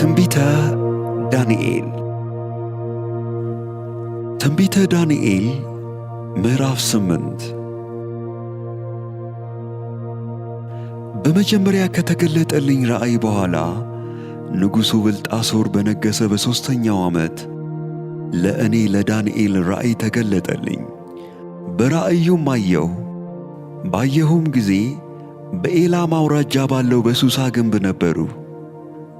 ትንቢተ ዳንኤል ትንቢተ ዳንኤል ምዕራፍ ስምንት በመጀመሪያ ከተገለጠልኝ ራእይ በኋላ ንጉሡ ብልጣሶር በነገሠ በሦስተኛው ዓመት ለእኔ ለዳንኤል ራእይ ተገለጠልኝ። በራእዩም አየሁ። ባየሁም ጊዜ በኤላም አውራጃ ባለው በሱሳ ግንብ ነበሩ።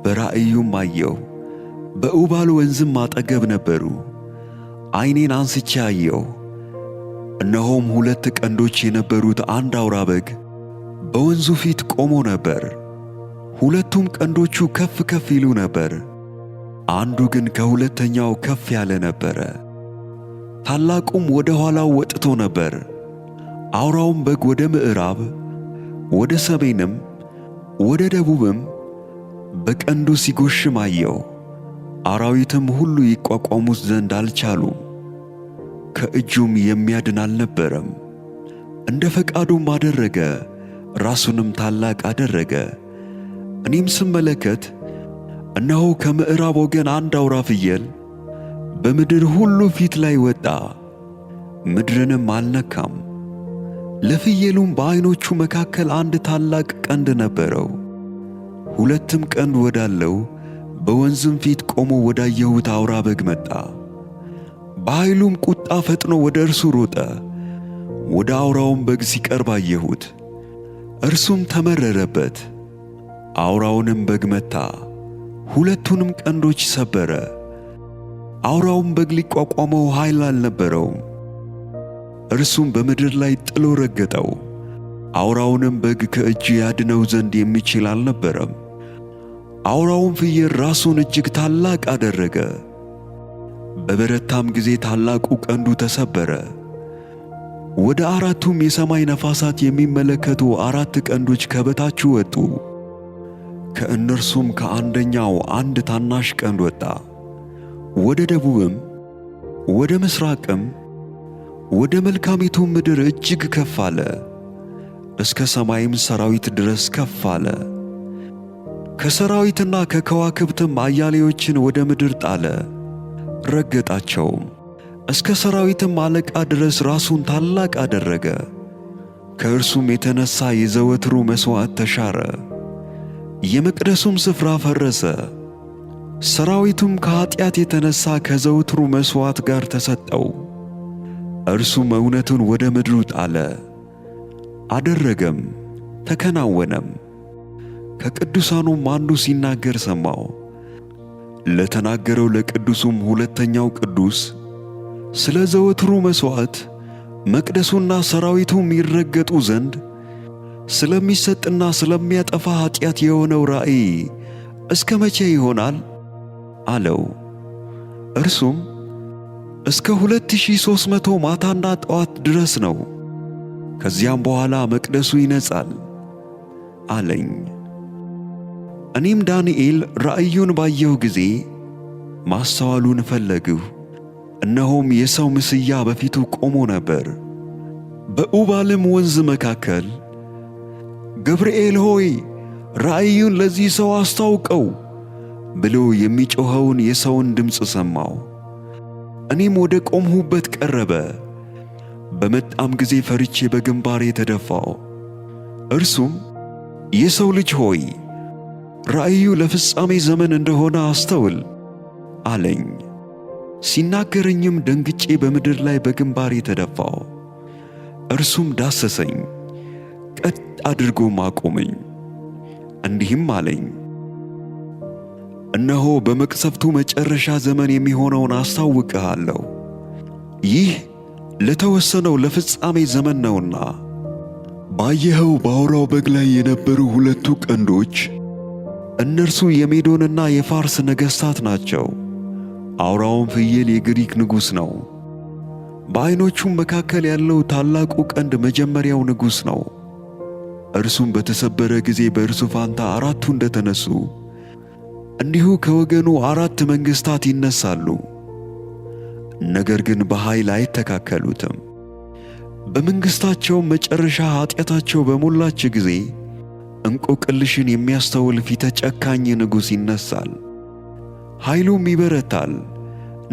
በራእዩም አየው በኡባል ወንዝም አጠገብ ነበሩ። ዐይኔን አንስቼ አየው፣ እነሆም ሁለት ቀንዶች የነበሩት አንድ አውራ በግ በወንዙ ፊት ቆሞ ነበር። ሁለቱም ቀንዶቹ ከፍ ከፍ ይሉ ነበር፣ አንዱ ግን ከሁለተኛው ከፍ ያለ ነበረ። ታላቁም ወደ ኋላው ወጥቶ ነበር። አውራውም በግ ወደ ምዕራብ፣ ወደ ሰሜንም፣ ወደ ደቡብም በቀንዱ ሲጎሽም አየው። አራዊትም ሁሉ ይቋቋሙት ዘንድ አልቻሉም፤ ከእጁም የሚያድን አልነበረም። እንደ ፈቃዱም አደረገ፣ ራሱንም ታላቅ አደረገ። እኔም ስመለከት እነሆ ከምዕራብ ወገን አንድ አውራ ፍየል በምድር ሁሉ ፊት ላይ ወጣ፣ ምድርንም አልነካም። ለፍየሉም በዐይኖቹ መካከል አንድ ታላቅ ቀንድ ነበረው። ሁለትም ቀንድ ወዳለው በወንዝም ፊት ቆሞ ወዳየሁት አውራ በግ መጣ። በኃይሉም ቁጣ ፈጥኖ ወደ እርሱ ሮጠ። ወደ አውራውም በግ ሲቀርብ አየሁት፣ እርሱም ተመረረበት። አውራውንም በግ መታ፣ ሁለቱንም ቀንዶች ሰበረ። አውራውም በግ ሊቋቋመው ኃይል አልነበረውም። እርሱም በምድር ላይ ጥሎ ረገጠው። አውራውንም በግ ከእጅ ያድነው ዘንድ የሚችል አልነበረም። አውራውም ፍየል ራሱን እጅግ ታላቅ አደረገ። በበረታም ጊዜ ታላቁ ቀንዱ ተሰበረ። ወደ አራቱም የሰማይ ነፋሳት የሚመለከቱ አራት ቀንዶች ከበታች ወጡ። ከእነርሱም ከአንደኛው አንድ ታናሽ ቀንድ ወጣ። ወደ ደቡብም ወደ ምሥራቅም ወደ መልካሚቱ ምድር እጅግ ከፍ አለ፣ እስከ ሰማይም ሰራዊት ድረስ ከፍ አለ። ከሰራዊትና ከከዋክብትም አያሌዎችን ወደ ምድር ጣለ ረገጣቸውም፣ እስከ ሰራዊትም አለቃ ድረስ ራሱን ታላቅ አደረገ። ከእርሱም የተነሣ የዘወትሩ መሥዋዕት ተሻረ፣ የመቅደሱም ስፍራ ፈረሰ። ሰራዊቱም ከኀጢአት የተነሣ ከዘወትሩ መሥዋዕት ጋር ተሰጠው። እርሱም እውነቱን ወደ ምድሩ ጣለ፣ አደረገም፣ ተከናወነም። ከቅዱሳኑም አንዱ ሲናገር ሰማው ለተናገረው ለቅዱሱም ሁለተኛው ቅዱስ ስለ ዘወትሩ መሥዋዕት መቅደሱና ሰራዊቱም ይረገጡ ዘንድ ስለሚሰጥና ስለሚያጠፋ ኃጢአት የሆነው ራእይ እስከ መቼ ይሆናል አለው። እርሱም እስከ ሁለት ሺህ ሦስት መቶ ማታና ጠዋት ድረስ ነው፣ ከዚያም በኋላ መቅደሱ ይነጻል አለኝ። እኔም ዳንኤል ራእዩን ባየሁ ጊዜ ማስተዋሉን ፈለግሁ፣ እነሆም የሰው ምስያ በፊቱ ቆሞ ነበር። በኡባልም ወንዝ መካከል ገብርኤል ሆይ ራእዩን ለዚህ ሰው አስታውቀው ብሎ የሚጮኸውን የሰውን ድምፅ ሰማው እኔም ወደ ቆምሁበት ቀረበ። በመጣም ጊዜ ፈርቼ በግንባሬ ተደፋው። እርሱም የሰው ልጅ ሆይ ራእዩ ለፍጻሜ ዘመን እንደሆነ አስተውል አለኝ። ሲናገረኝም ደንግጬ በምድር ላይ በግንባር የተደፋው እርሱም ዳሰሰኝ፣ ቀጥ አድርጎም አቆመኝ፣ እንዲህም አለኝ፦ እነሆ በመቅሰፍቱ መጨረሻ ዘመን የሚሆነውን አስታውቅሃለሁ። ይህ ለተወሰነው ለፍጻሜ ዘመን ነውና። ባየኸው በአውራው በግ ላይ የነበሩ ሁለቱ ቀንዶች እነርሱ የሜዶንና የፋርስ ነገሥታት ናቸው። አውራውም ፍየል የግሪክ ንጉሥ ነው። በዐይኖቹም መካከል ያለው ታላቁ ቀንድ መጀመሪያው ንጉሥ ነው። እርሱም በተሰበረ ጊዜ በእርሱ ፋንታ አራቱ እንደተነሱ እንዲሁ ከወገኑ አራት መንግሥታት ይነሳሉ። ነገር ግን በኃይል አይተካከሉትም። በመንግሥታቸውም መጨረሻ ኀጢአታቸው በሞላች ጊዜ እንቆቅልሽን የሚያስተውል ፊተ ጨካኝ ንጉሥ ይነሳል። ኃይሉም ይበረታል፣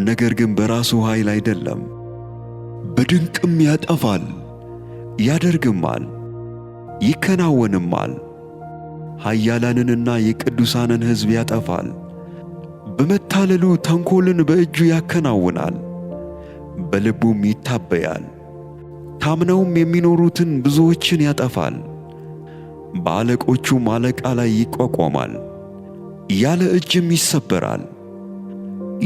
ነገር ግን በራሱ ኃይል አይደለም። በድንቅም ያጠፋል፣ ያደርግማል፣ ይከናወንማል። ኃያላንንና የቅዱሳንን ሕዝብ ያጠፋል። በመታለሉ ተንኰልን በእጁ ያከናውናል፣ በልቡም ይታበያል። ታምነውም የሚኖሩትን ብዙዎችን ያጠፋል። በአለቆቹ ማለቃ ላይ ይቋቋማል፣ ያለ እጅም ይሰበራል።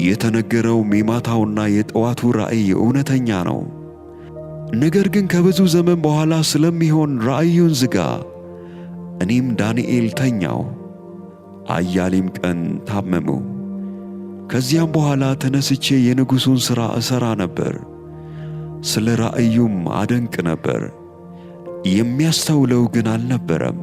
የተነገረው የማታውና የጠዋቱ ራእይ እውነተኛ ነው። ነገር ግን ከብዙ ዘመን በኋላ ስለሚሆን ራእዩን ዝጋ። እኔም ዳንኤል ተኛው አያሌም ቀን ታመሙ። ከዚያም በኋላ ተነስቼ የንጉሡን ሥራ እሠራ ነበር፣ ስለ ራእዩም አደንቅ ነበር። የሚያስተውለው ግን አልነበረም።